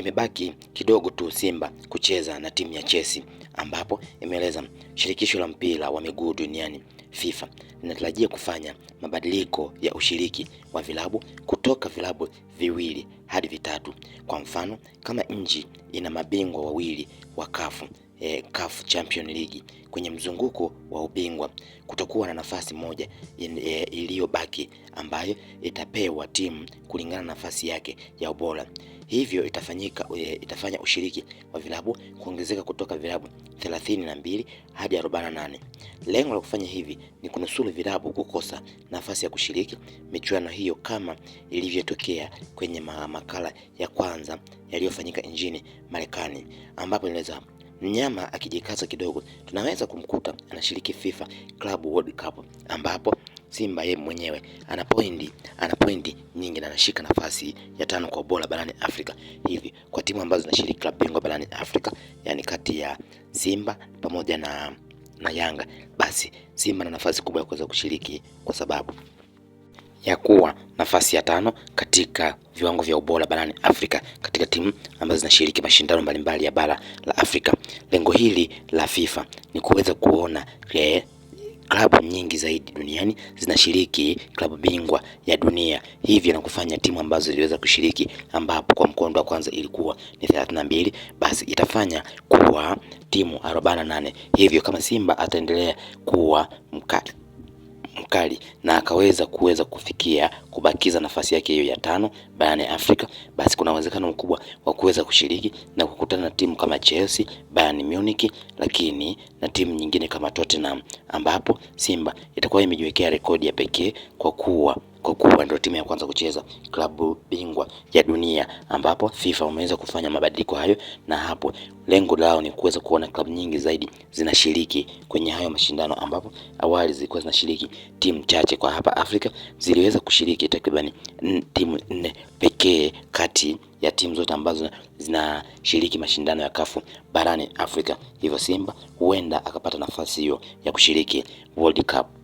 imebaki kidogo tu Simba kucheza na timu ya Chelsea, ambapo imeeleza shirikisho la mpira wa miguu duniani FIFA linatarajia kufanya mabadiliko ya ushiriki wa vilabu kutoka vilabu viwili hadi vitatu. Kwa mfano, kama nchi ina mabingwa wawili wa kafu eh, CAF Champion League kwenye mzunguko wa ubingwa, kutokuwa na nafasi moja eh, iliyobaki ambayo itapewa timu kulingana na nafasi yake ya ubora. Hivyo itafanyika e, itafanya ushiriki wa vilabu kuongezeka kutoka vilabu 32 hadi 48. Lengo la kufanya hivi ni kunusuru vilabu kukosa nafasi ya kushiriki michuano hiyo kama ilivyotokea kwenye makala ya kwanza yaliyofanyika nchini Marekani ambapo inaweza mnyama akijikaza kidogo tunaweza kumkuta anashiriki FIFA Club World Cup ambapo Simba yeye mwenyewe ana pointi ana pointi nyingi na anashika nafasi ya tano kwa ubora barani Afrika. Hivi kwa timu ambazo zinashiriki klabu bingwa barani Afrika, yani kati ya Simba pamoja na na Yanga, basi Simba na nafasi kubwa ya kuweza kushiriki kwa sababu ya kuwa nafasi ya tano katika viwango vya ubora barani Afrika katika timu ambazo zinashiriki mashindano mbalimbali ya bara la Afrika. Lengo hili la FIFA ni kuweza kuona eh, klabu nyingi zaidi duniani zinashiriki klabu bingwa ya dunia, hivyo na kufanya timu ambazo ziliweza kushiriki, ambapo kwa mkondo wa kwanza ilikuwa ni 32, basi itafanya kuwa timu 48. Hivyo kama Simba ataendelea kuwa mkali mkali na akaweza kuweza kufikia kubakiza nafasi yake hiyo ya tano barani Afrika, basi kuna uwezekano mkubwa wa kuweza kushiriki na kukutana na timu kama Chelsea, Bayern Munich, lakini na timu nyingine kama Tottenham, ambapo Simba itakuwa imejiwekea rekodi ya pekee kwa kuwa kwa kuwa ndio timu ya kwanza kucheza klabu bingwa ya dunia, ambapo FIFA wameweza kufanya mabadiliko hayo, na hapo lengo lao ni kuweza kuona klabu nyingi zaidi zinashiriki kwenye hayo mashindano, ambapo awali zilikuwa zinashiriki timu chache. Kwa hapa Afrika ziliweza kushiriki takribani timu nne pekee kati ya timu zote ambazo zinashiriki mashindano ya kafu barani Afrika, hivyo Simba huenda akapata nafasi hiyo ya kushiriki World Cup.